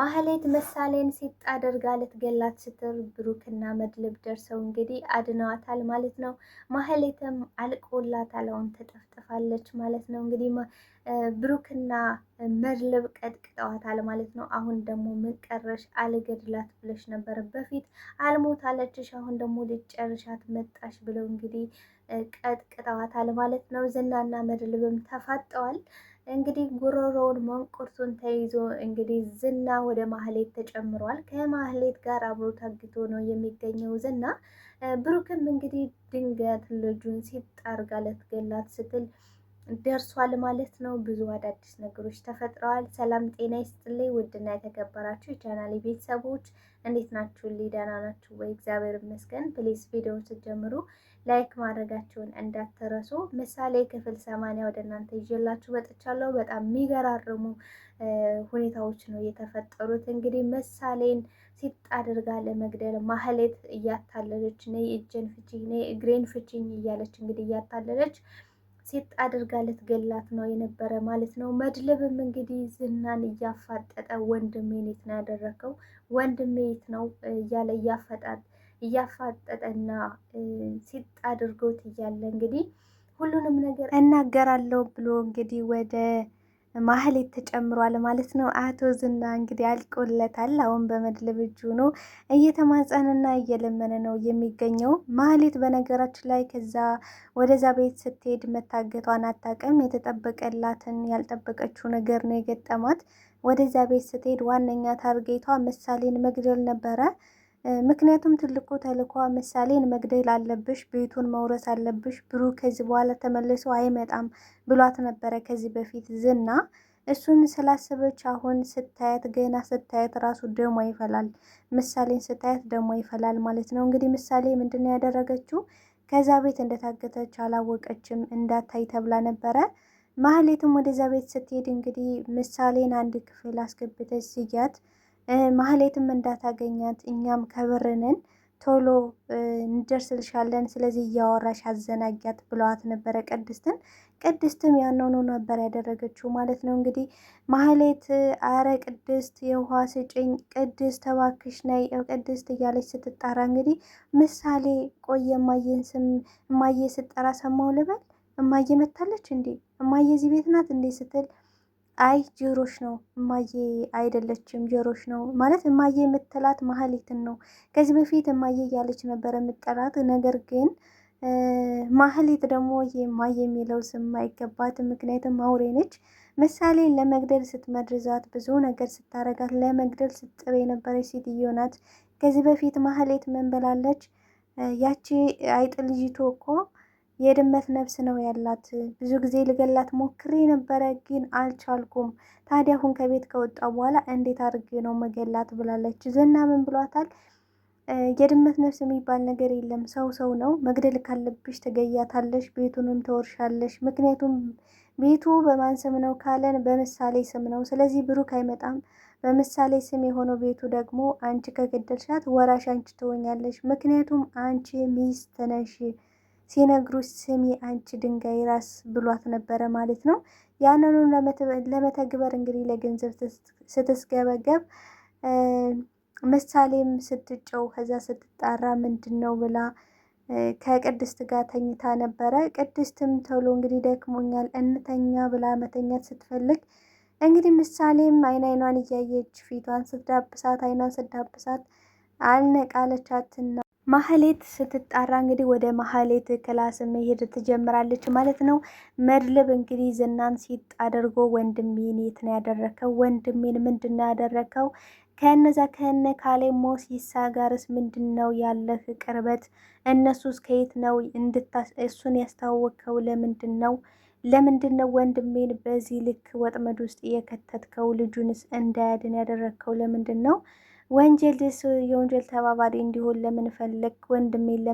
ማህሌት ምሳሌን ሲጥ አድርጋ ልትገላት ስትር ብሩክና መድልብ ደርሰው እንግዲህ አድነዋታል ማለት ነው። ማህሌትም አልቆላት አለውን ተጠፍጥፋለች ማለት ነው። እንግዲህ ብሩክና መድልብ ቀጥቅጠዋታል ማለት ነው። አሁን ደግሞ ምን ቀረሽ? አልገድላት ብለሽ ነበር በፊት አልሞት አለችሽ፣ አሁን ደግሞ ልጨርሻት መጣሽ ብለው እንግዲህ ቀጥቅጠዋታል ማለት ነው። ዝናና መድልብም ተፋጠዋል። እንግዲህ ጉሮሮውን መንቁርቱን ተይዞ እንግዲህ ዝና ወደ ማህሌት ተጨምሯል። ከማህሌት ጋር አብሮ ታግቶ ነው የሚገኘው ዝና። ብሩክም እንግዲህ ድንገት ልጁን ሲጣርጋ ልትገላት ስትል ደርሷል ማለት ነው። ብዙ አዳዲስ ነገሮች ተፈጥረዋል። ሰላም ጤና ይስጥልኝ ውድና የተከበራችሁ የቻናሌ ቤተሰቦች እንዴት ናችሁ? ደህና ናችሁ ወይ? እግዚአብሔር ይመስገን። ፕሊስ ቪዲዮ ስትጀምሩ ላይክ ማድረጋችሁን እንዳትረሱ። ምሳሌ ክፍል ሰማንያ ወደ እናንተ ይዤላችሁ መጥቻለሁ። በጣም የሚገራርሙ ሁኔታዎች ነው የተፈጠሩት። እንግዲህ ምሳሌን ሲጥ አድርጋ ለመግደል ማህሌት እያታለለች ነይ እጄን ፍችኝ፣ ነይ እግሬን ፍችኝ እያለች እንግዲህ እያታለለች ሴት አድርጋ ልትገላት ነው የነበረ ማለት ነው። መድልብም እንግዲህ ዝናን እያፋጠጠ ወንድሜ የት ነው ያደረከው? ወንድሜ የት ነው እያለ እያፈጣት እያፋጠጠና ሴት አድርጎት እያለ እንግዲህ ሁሉንም ነገር እናገራለሁ ብሎ እንግዲህ ወደ ማህሌት ተጨምሯል ማለት ነው። አቶ ዝና እንግዲህ አልቆለታል። አሁን በመድለብ እጁ ነው እየተማጸንና እየለመነ ነው የሚገኘው። ማህሌት በነገራችን ላይ ከዛ ወደዛ ቤት ስትሄድ መታገቷን አታውቅም። የተጠበቀላትን ያልጠበቀችው ነገር ነው የገጠማት። ወደዛ ቤት ስትሄድ ዋነኛ ታርጌቷ ምሳሌን መግደል ነበረ። ምክንያቱም ትልቁ ተልኳ ምሳሌን መግደል አለብሽ፣ ቤቱን መውረስ አለብሽ፣ ብሩ ከዚህ በኋላ ተመልሶ አይመጣም ብሏት ነበረ ከዚህ በፊት ዝና። እሱን ስላሰበች አሁን ስታያት ገና ስታያት ራሱ ደሞ ይፈላል። ምሳሌን ስታያት ደሞ ይፈላል ማለት ነው። እንግዲህ ምሳሌ ምንድን ነው ያደረገችው? ከዛ ቤት እንደታገተች አላወቀችም፣ እንዳታይ ተብላ ነበረ። ማህሌትም ወደዛ ቤት ስትሄድ እንግዲህ ምሳሌን አንድ ክፍል አስገብተች ስያት ማህሌትም እንዳታገኛት እኛም ከብርንን ቶሎ እንደርስልሻለን፣ ስለዚህ እያወራሽ አዘናጊያት ብለዋት ነበረ ቅድስትን። ቅድስትም ያንኑ ነበር ያደረገችው ማለት ነው። እንግዲህ ማህሌት አረ ቅድስት የውሃ ስጭኝ፣ ቅድስት ተባክሽ ነይ፣ ቅድስት እያለች ስትጣራ እንግዲህ ምሳሌ ቆየ እማዬን ስም እማዬ ስጠራ ሰማው ልበል እማዬ መታለች እንዴ እማዬ እዚህ ቤት ናት እንዴ ስትል አይ ጆሮሽ ነው እማዬ አይደለችም፣ ጆሮሽ ነው ማለት እማዬ የምትላት ማህሌትን ነው። ከዚህ በፊት እማዬ እያለች ነበረ የምጠላት። ነገር ግን ማህሌት ደግሞ የማየ የሚለው ስም አይገባትም፣ ምክንያቱም አውሬ ነች። ምሳሌ ለመግደል ስትመድርዛት፣ ብዙ ነገር ስታረጋት፣ ለመግደል ስትጥር የነበረች ሴትዮ ናት። ከዚህ በፊት ማህሌት ምን ብላለች? ያቺ አይጥ ልጅቶ እኮ የድመት ነፍስ ነው ያላት። ብዙ ጊዜ ልገላት ሞክሬ ነበረ ግን አልቻልኩም። ታዲያ አሁን ከቤት ከወጣ በኋላ እንዴት አድርጌ ነው መገላት ብላለች። ዝና ምን ብሏታል? የድመት ነፍስ የሚባል ነገር የለም። ሰው ሰው ነው። መግደል ካለብሽ ትገያታለሽ፣ ቤቱንም ተወርሻለሽ። ምክንያቱም ቤቱ በማን ስም ነው ካለን በምሳሌ ስም ነው። ስለዚህ ብሩክ አይመጣም። በምሳሌ ስም የሆነው ቤቱ ደግሞ አንቺ ከገደልሻት ወራሽ አንቺ ትሆኛለሽ። ምክንያቱም አንቺ ሚስት ነሽ። ሲነግሩ ስሚ አንቺ ድንጋይ ራስ ብሏት ነበረ ማለት ነው። ያንኑ ለመተግበር እንግዲህ ለገንዘብ ስትስገበገብ ምሳሌም ስትጨው ከዛ ስትጣራ ምንድን ነው ብላ ከቅድስት ጋር ተኝታ ነበረ። ቅድስትም ቶሎ እንግዲህ ደክሞኛል እንተኛ ብላ መተኛት ስትፈልግ እንግዲህ ምሳሌም አይን አይኗን እያየች ፊቷን ስትዳብሳት አይኗን ስትዳብሳት አልነቃለቻትና ማህሌት ስትጣራ እንግዲህ ወደ ማህሌት ክላስ መሄድ ትጀምራለች ማለት ነው። መድብል እንግዲህ ዝናን ሲጥ አድርጎ ወንድሜን የት ነው ያደረከው? ወንድሜን ምንድን ነው ያደረከው? ከነዛ ከነ ካሌ ሞሲሳ ጋርስ ምንድን ነው ያለህ ቅርበት? እነሱስ ከየት ነው እሱን ያስተዋወቅከው? ለምንድን ነው ለምንድን ነው ወንድሜን በዚህ ልክ ወጥመድ ውስጥ የከተትከው? ልጁንስ እንዳያድን ያደረግከው ለምንድን ነው? ወንጀል የወንጀል ተባባሪ እንዲሆን ለምን ወንድሜ ወንድሜን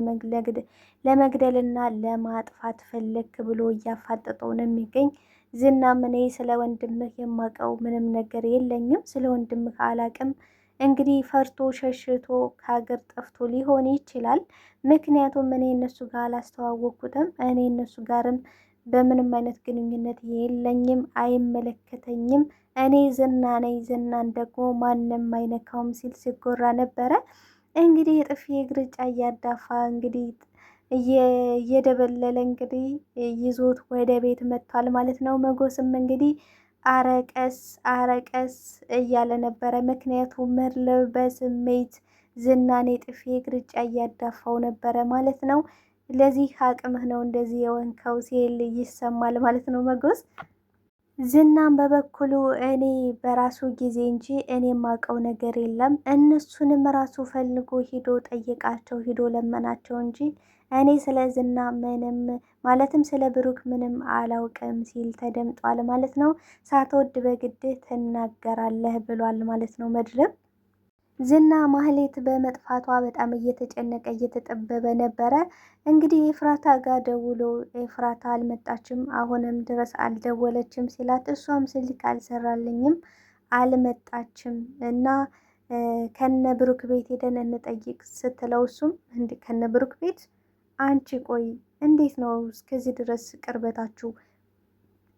ለመግደልና ለማጥፋት ፈለክ? ብሎ እያፋጠጠው ነው የሚገኝ ዝና። እኔ ስለ ወንድምህ የማውቀው ምንም ነገር የለኝም፣ ስለ ወንድምህ አላቅም። እንግዲህ ፈርቶ ሸሽቶ ከሀገር ጠፍቶ ሊሆን ይችላል። ምክንያቱም እኔ እነሱ ጋር አላስተዋወቅኩትም። እኔ እነሱ ጋርም በምንም አይነት ግንኙነት የለኝም፣ አይመለከተኝም እኔ ዝና ነኝ፣ ዝናን ደግሞ ማንም አይነካውም ሲል ሲጎራ ነበረ። እንግዲህ የጥፊ ግርጫ እያዳፋ እንግዲህ እየደበለለ እንግዲህ ይዞት ወደ ቤት መጥቷል ማለት ነው። መጎስም እንግዲህ አረቀስ አረቀስ እያለ ነበረ። ምክንያቱ ምርልብ በስሜት ዝናን የጥፊ ግርጫ እያዳፋው ነበረ ማለት ነው። ለዚህ አቅምህ ነው እንደዚህ የወንከው ሲል ይሰማል ማለት ነው መጎስ ዝናም በበኩሉ እኔ በራሱ ጊዜ እንጂ እኔ የማውቀው ነገር የለም፣ እነሱንም ራሱ ፈልጎ ሂዶ ጠየቃቸው፣ ሂዶ ለመናቸው እንጂ እኔ ስለ ዝና ምንም ማለትም ስለ ብሩክ ምንም አላውቅም ሲል ተደምጧል ማለት ነው። ሳትወድ በግድህ ትናገራለህ ብሏል ማለት ነው መድረም ዝና ማህሌት በመጥፋቷ በጣም እየተጨነቀ እየተጠበበ ነበረ። እንግዲህ ኤፍራታ ጋር ደውሎ ኤፍራታ አልመጣችም፣ አሁንም ድረስ አልደወለችም ሲላት እሷም ስልክ አልሰራልኝም፣ አልመጣችም እና ከነ ብሩክ ቤት ሄደን እንጠይቅ ስትለው እሱም ከነ ብሩክ ቤት አንቺ ቆይ እንዴት ነው እስከዚህ ድረስ ቅርበታችሁ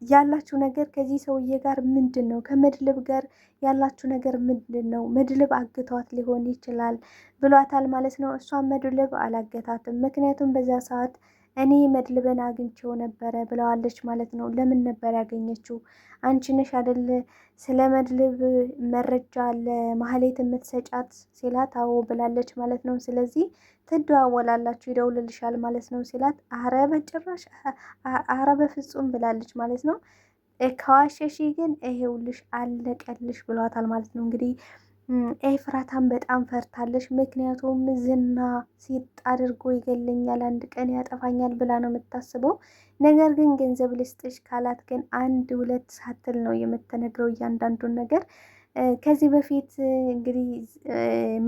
ያላችሁ ነገር ከዚህ ሰውዬ ጋር ምንድን ነው? ከመድልብ ጋር ያላችሁ ነገር ምንድን ነው? መድልብ አግቷት ሊሆን ይችላል ብሏታል ማለት ነው። እሷ መድልብ አላገታትም። ምክንያቱም በዛ ሰዓት እኔ መድልበን አግኝቼው ነበረ ብለዋለች ማለት ነው። ለምን ነበር ያገኘችው? አንቺ ነሽ አይደል ስለ መድልብ መረጃ ለማህሌት የምትሰጫት ሲላት፣ አዎ ብላለች ማለት ነው። ስለዚህ ትደዋወላላችሁ ይደውልልሻል ማለት ነው ሲላት፣ አረ በጭራሽ አረ በፍጹም ብላለች ማለት ነው። ከዋሸሽ ግን ይሄውልሽ አለቀልሽ ብሏታል ማለት ነው እንግዲህ ኤፍራታን በጣም ፈርታለች። ምክንያቱም ዝና ሲጥ አድርጎ ይገለኛል፣ አንድ ቀን ያጠፋኛል ብላ ነው የምታስበው። ነገር ግን ገንዘብ ልስጥሽ ካላት ግን አንድ ሁለት ሳትል ነው የምትነግረው እያንዳንዱን ነገር። ከዚህ በፊት እንግዲህ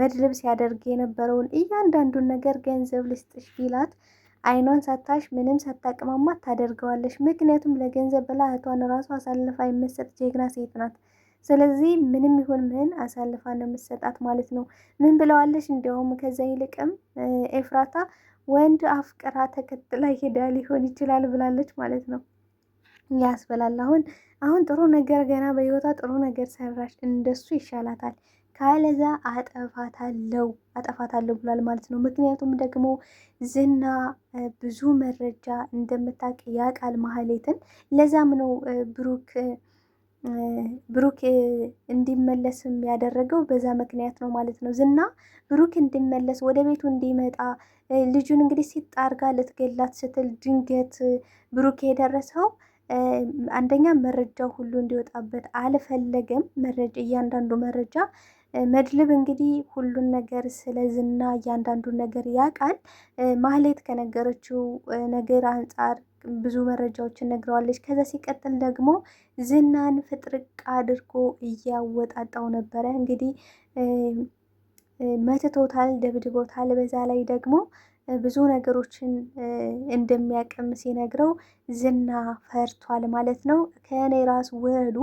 መድልብ ሲያደርግ የነበረውን እያንዳንዱን ነገር ገንዘብ ልስጥሽ ቢላት አይኗን ሳታሽ ምንም ሳታቅማማ ታደርገዋለች። ምክንያቱም ለገንዘብ ብላ እህቷን ራሱ አሳልፋ የምትሰጥ ጀግና ሴት ናት። ስለዚህ ምንም ይሁን ምን አሳልፋ ነው የምትሰጣት ማለት ነው። ምን ብለዋለች? እንዲያውም ከዛ ይልቅም ኤፍራታ ወንድ አፍቅራ ተከትላ ሄዳ ሊሆን ይችላል ብላለች ማለት ነው። ያስበላል። አሁን አሁን ጥሩ ነገር ገና በህይወቷ ጥሩ ነገር ሰራች፣ እንደሱ ይሻላታል። ካለዛ አጠፋታለው አጠፋታለው ብሏል ማለት ነው። ምክንያቱም ደግሞ ዝና ብዙ መረጃ እንደምታውቅ ያውቃል ማህሌትን። ለዛም ነው ብሩክ ብሩክ እንዲመለስም ያደረገው በዛ ምክንያት ነው ማለት ነው። ዝና ብሩክ እንዲመለስ ወደ ቤቱ እንዲመጣ ልጁን እንግዲህ ሲጣርጋ ልትገላት ስትል ድንገት ብሩክ የደረሰው አንደኛ መረጃው ሁሉ እንዲወጣበት አልፈለገም። መረጃ እያንዳንዱ መረጃ መድልብ እንግዲህ ሁሉን ነገር ስለ ዝና እያንዳንዱ ነገር ያውቃል። ማህሌት ከነገረችው ነገር አንጻር ብዙ መረጃዎችን ነግረዋለች። ከዛ ሲቀጥል ደግሞ ዝናን ፍጥርቅ አድርጎ እያወጣጣው ነበረ እንግዲህ መትቶታል፣ ደብድቦታል። በዛ ላይ ደግሞ ብዙ ነገሮችን እንደሚያቅም ሲነግረው ዝና ፈርቷል ማለት ነው። ከእኔ ራስ ውረዱ፣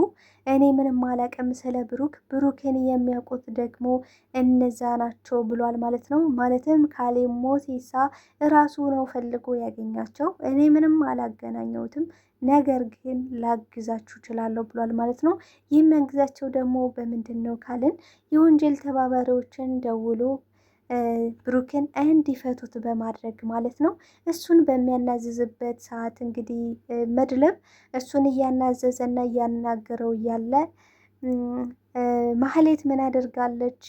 እኔ ምንም አላቅም ስለ ብሩክ፣ ብሩክን የሚያውቁት ደግሞ እነዛ ናቸው ብሏል ማለት ነው። ማለትም ካሌ ሞቴሳ ራሱ ነው ፈልጎ ያገኛቸው። እኔ ምንም አላገናኘሁትም ነገር ግን ላግዛችሁ እችላለሁ ብሏል ማለት ነው። ይህም ያግዛቸው ደግሞ በምንድን ነው ካልን የወንጀል ተባባሪዎችን ደውሎ ብሩክን እንዲፈቱት በማድረግ ማለት ነው። እሱን በሚያናዝዝበት ሰዓት እንግዲህ መድብል እሱን እያናዘዘና እያናገረው እያለ ማህሌት ምን አደርጋለች?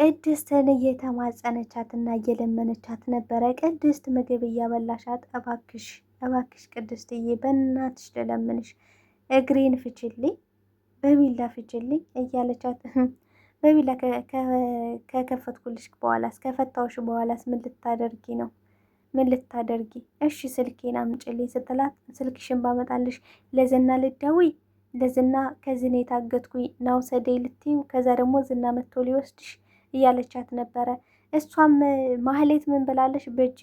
ቅድስትን እየተማጸነቻት እና እየለመነቻት ነበረ። ቅድስት ምግብ እያበላሻት እባክሽ እባክሽ ቅድስትዬ በእናትሽ ልለምንሽ፣ እግሬን ፍችልኝ፣ በቢላ ፍችልኝ እያለቻት በቢላ ከከፈትኩልሽ በኋላስ ከፈታውሽ በኋላስ ምን ልታደርጊ ነው? ምን ልታደርጊ? እሺ ስልኬን አምጪልኝ ስትላት ስልክሽን ባመጣልሽ ለዝና ልደውይ ለዝና ነው የታገትኩኝ ሰደይ ልትዩ ከዛ ደግሞ ዝና መጥቶ ሊወስድሽ እያለቻት ነበረ። እሷም ማህሌት ምን ብላለሽ? በእጅ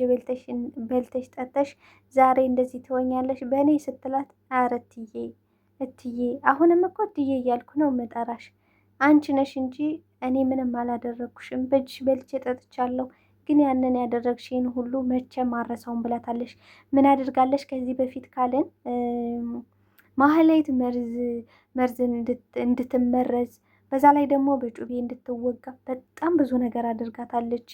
በልተሽ ጠተሽ ዛሬ እንደዚህ ትሆኛለሽ በእኔ ስትላት፣ አረ እትዬ እትዬ አሁንም እኮ እትዬ እያልኩ ነው መጠራሽ አንቺ ነሽ እንጂ እኔ ምንም አላደረግኩሽም። በእጅሽ በልቼ ጠጥቻለሁ፣ ግን ያንን ያደረግሽን ሁሉ መቼም አረሳውን ብላታለሽ። ምን አድርጋለሽ ከዚህ በፊት ካልን ማህሌት መርዝ መርዝ እንድትመረዝ በዛ ላይ ደግሞ በጩቤ እንድትወጋ በጣም ብዙ ነገር አድርጋታለች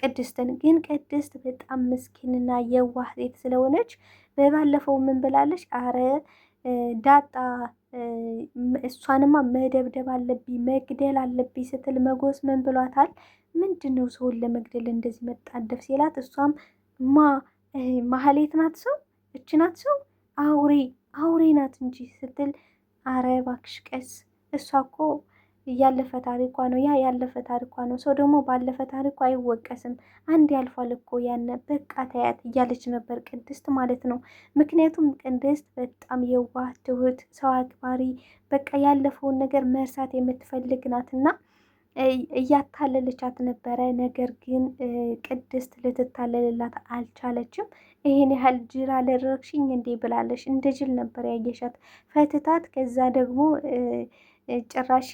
ቅድስትን። ግን ቅድስት በጣም ምስኪንና የዋህ ሴት ስለሆነች በባለፈው ምን ብላለች? አረ ዳጣ እሷንማ መደብደብ አለብኝ መግደል አለብኝ ስትል መጎስ ምን ብሏታል? ምንድን ነው ሰውን ለመግደል እንደዚህ መጣደፍ ሲላት፣ እሷም ማ ማህሌት ናት ሰው እች ናት ሰው አውሬ አውሬ ናት እንጂ ስትል፣ አረ እባክሽ ቀስ እሷ እኮ እያለፈ ታሪኳ ነው። ያ ያለፈ ታሪኳ ነው። ሰው ደግሞ ባለፈ ታሪኳ አይወቀስም። አንድ ያልፏል እኮ ያነ በቃ ታያት እያለች ነበር ቅድስት ማለት ነው። ምክንያቱም ቅድስት በጣም የዋህ ትሁት፣ ሰው አክባሪ በቃ ያለፈውን ነገር መርሳት የምትፈልግ ናትና እያታለለቻት ነበረ። ነገር ግን ቅድስት ልትታለልላት አልቻለችም። ይሄን ያህል ጅል አደረግሽኝ እንዴ ብላለች። እንደ ጅል ነበር ያየሻት ፈትታት። ከዛ ደግሞ ጭራሽ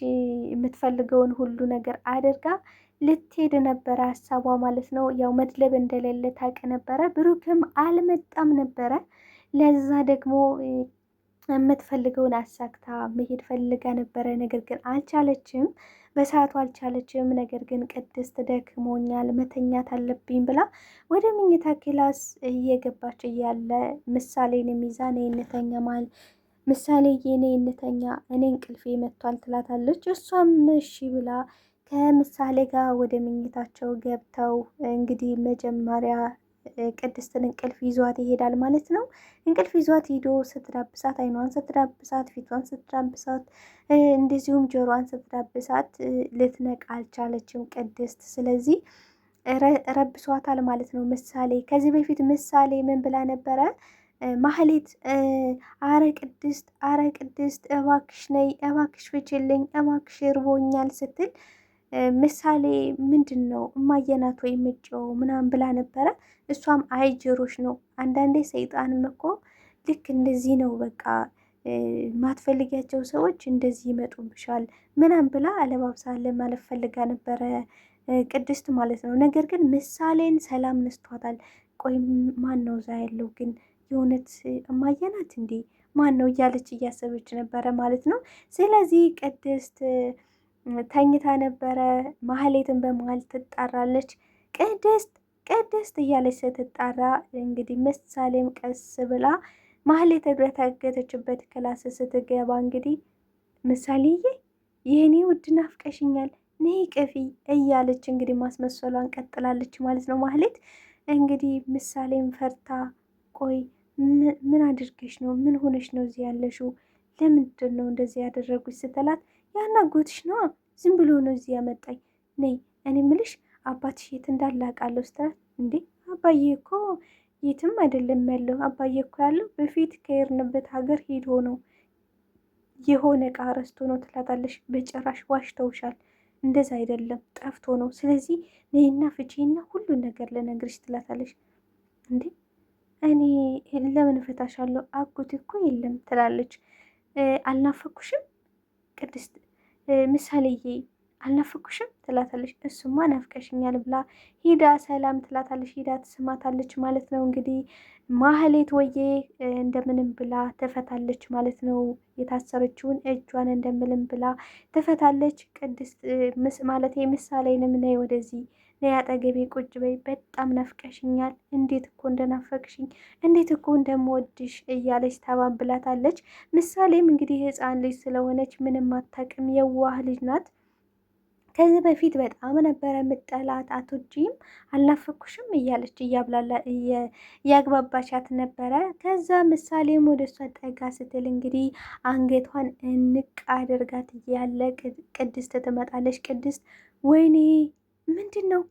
የምትፈልገውን ሁሉ ነገር አድርጋ ልትሄድ ነበረ ሀሳቧ ማለት ነው። ያው መድለብ እንደሌለ ታውቅ ነበረ። ብሩክም አልመጣም ነበረ። ለዛ ደግሞ የምትፈልገውን አሳክታ መሄድ ፈልጋ ነበረ። ነገር ግን አልቻለችም፣ በሰዓቱ አልቻለችም። ነገር ግን ቅድስት ደክሞኛል፣ መተኛት አለብኝ ብላ ወደ ምኝታ ክላስ እየገባች እያለ ምሳሌን የሚዛን ይንተኛ ምሳሌ የኔ እንተኛ እኔ እንቅልፌ መጥቷል ትላታለች። እሷም እሺ ብላ ከምሳሌ ጋር ወደ መኝታቸው ገብተው እንግዲህ መጀመሪያ ቅድስትን እንቅልፍ ይዟት ይሄዳል ማለት ነው። እንቅልፍ ይዟት ሂዶ ስትዳብሳት አይኗን ስትዳብሳት ፊቷን ስትዳብሳት እንደዚሁም ጆሮዋን ስትዳብሳት ልትነቃ አልቻለችም ቅድስት። ስለዚህ ረብሷታል ማለት ነው ምሳሌ። ከዚህ በፊት ምሳሌ ምን ብላ ነበረ? ማህሌት አረ ቅድስት አረ ቅድስት እባክሽ ነይ እባክሽ ፍችልኝ እባክሽ እርቦኛል ስትል ምሳሌ ምንድን ነው እማየናት ወይ ምጮው ምናምን ብላ ነበረ። እሷም አይ ጆሮሽ ነው አንዳንዴ ሰይጣንም እኮ ልክ እንደዚህ ነው በቃ ማትፈልጊያቸው ሰዎች እንደዚህ ይመጡብሻል ምናምን ብላ አለባብሳ ለማለፍ ፈልጋ ነበረ ቅድስት ማለት ነው። ነገር ግን ምሳሌን ሰላም ነስቷታል። ቆይ ማን ነው እዛ ያለው ግን የእውነት እማየናት እንዴ ማን ነው እያለች እያሰበች ነበረ ማለት ነው። ስለዚህ ቅድስት ተኝታ ነበረ። ማህሌትን በመሀል ትጣራለች። ቅድስት ቅድስት እያለች ስትጣራ እንግዲህ ምሳሌም ቀስ ብላ ማህሌት በታገተችበት ክላስ ስትገባ እንግዲህ ምሳሌዬ የእኔ ውድ ናፍቀሽኛል ነይ ቅፊ እያለች እንግዲህ ማስመሰሏን ቀጥላለች ማለት ነው። ማህሌት እንግዲህ ምሳሌም ፈርታ ቆይ ምን አድርገሽ ነው? ምን ሆነሽ ነው እዚህ ያለሽው? ለምንድን ነው እንደዚህ ያደረጉች ስትላት ያን አጎትሽ ነዋ ዝም ብሎ ነው እዚህ ያመጣኝ። ነይ እኔ ምልሽ አባትሽ የት እንዳለ አውቃለሁ ስትላት እንዴ አባዬ እኮ የትም አይደለም ያለው። አባዬ እኮ ያለው በፊት ከሄድንበት ሀገር ሄዶ ነው የሆነ ዕቃ ረስቶ ነው ትላታለሽ። በጭራሽ ዋሽተውሻል፣ እንደዛ አይደለም ጠፍቶ ነው። ስለዚህ ነይና ፍቼና ሁሉን ነገር ልነግርሽ ትላታለሽ። እንዴ እኔ ለምን እፈታሻለሁ አጎቴ እኮ የለም ትላለች። አልናፈኩሽም ቅድስት ምሳሌዬ አልናፈኩሽም ትላታለች። እሱማ ናፍቀሽኛል ብላ ሂዳ ሰላም ትላታለች። ሂዳ ትስማታለች ማለት ነው። እንግዲህ ማህሌት ወዬ እንደምንም ብላ ትፈታለች ማለት ነው። የታሰረችውን እጇን እንደምንም ብላ ትፈታለች። ቅድስት ማለት ምሳሌ ነይ ወደዚህ አጠገቤ ቁጭ በይ፣ በጣም ነፍቀሽኛል፣ እንዴት እኮ እንደናፈቅሽኝ፣ እንዴት እኮ እንደምወድሽ እያለች ታባን ብላታለች። ምሳሌም እንግዲህ ህፃን ልጅ ስለሆነች ምንም አታውቅም፣ የዋህ ልጅ ናት። ከዚህ በፊት በጣም ነበረ ምጠላት፣ አቶጂም አልናፈኩሽም እያለች እያብላላ እያግባባቻት ነበረ። ከዛ ምሳሌም ወደ እሷ ጠጋ ስትል እንግዲህ አንገቷን እንቅ አድርጋት እያለ ቅድስት ትመጣለች። ቅድስት ወይኔ ምንድን ነው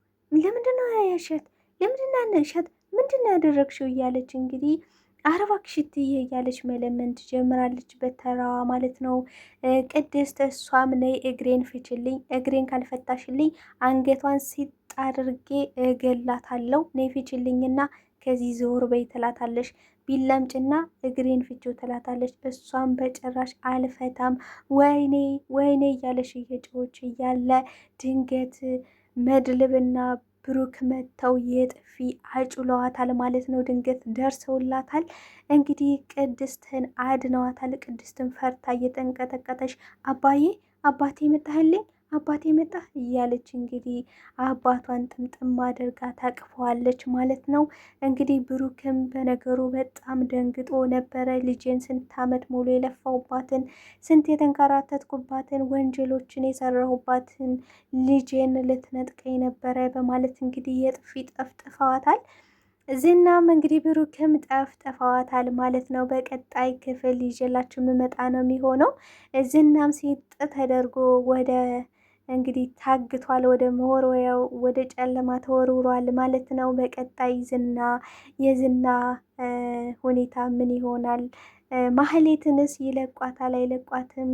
ለምንድን ነው ያያሻት? ለምንድን ነው ያነሻት? ምንድን ነው ያደረግሽው? እያለች እንግዲህ አረባ ክሽትዬ እያለች መለመን ትጀምራለች። በተራዋ ማለት ነው። ቅድስት እሷም ነይ እግሬን ፍችልኝ፣ እግሬን ካልፈታሽልኝ አንገቷን ሲጥ አድርጌ እገላታለሁ፣ ነይ ፍችልኝና ከዚህ ዘወር በይ ትላታለሽ። ቢላምጭና እግሬን ፍቺው ትላታለች። እሷም በጭራሽ አልፈታም፣ ወይኔ ወይኔ እያለሽ እየጮች እያለ ድንገት መድልብና ብሩክ መጥተው የጥፊ አጩለዋታል ማለት ነው። ድንገት ደርሰውላታል። እንግዲህ ቅድስትን አድነዋታል። ቅድስትን ፈርታ እየተንቀጠቀጠች አባዬ አባቴ መታህልኝ አባቴ መጣ እያለች እንግዲህ አባቷን ጥምጥም አድርጋ ታቅፈዋለች ማለት ነው። እንግዲህ ብሩክም በነገሩ በጣም ደንግጦ ነበረ። ልጄን ስንት ዓመት ሙሉ የለፋውባትን ስንት የተንከራተትኩባትን ወንጀሎችን የሰራሁባትን ልጄን ልትነጥቀኝ ነበረ በማለት እንግዲህ የጥፊ ጠፍጥፈዋታል። ዝናም እንግዲህ ብሩክም ጠፍ ጠፋዋታል ማለት ነው። በቀጣይ ክፍል ይዤላችሁ የምመጣ ነው የሚሆነው። ዝናም ሲጥ ተደርጎ ወደ እንግዲህ ታግቷል፣ ወደ መወርወያው ወደ ጨለማ ተወርውሯል ማለት ነው። በቀጣይ ዝና የዝና ሁኔታ ምን ይሆናል? ማህሌትንስ ይለቋታል አይለቋትም?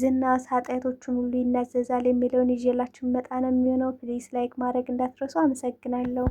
ዝና ኃጢአቶቹን ሁሉ ይናዘዛል የሚለውን ይዤላችሁ መጣ ነው የሚሆነው። ፕሊስ ላይክ ማድረግ እንዳትረሱ። አመሰግናለሁ።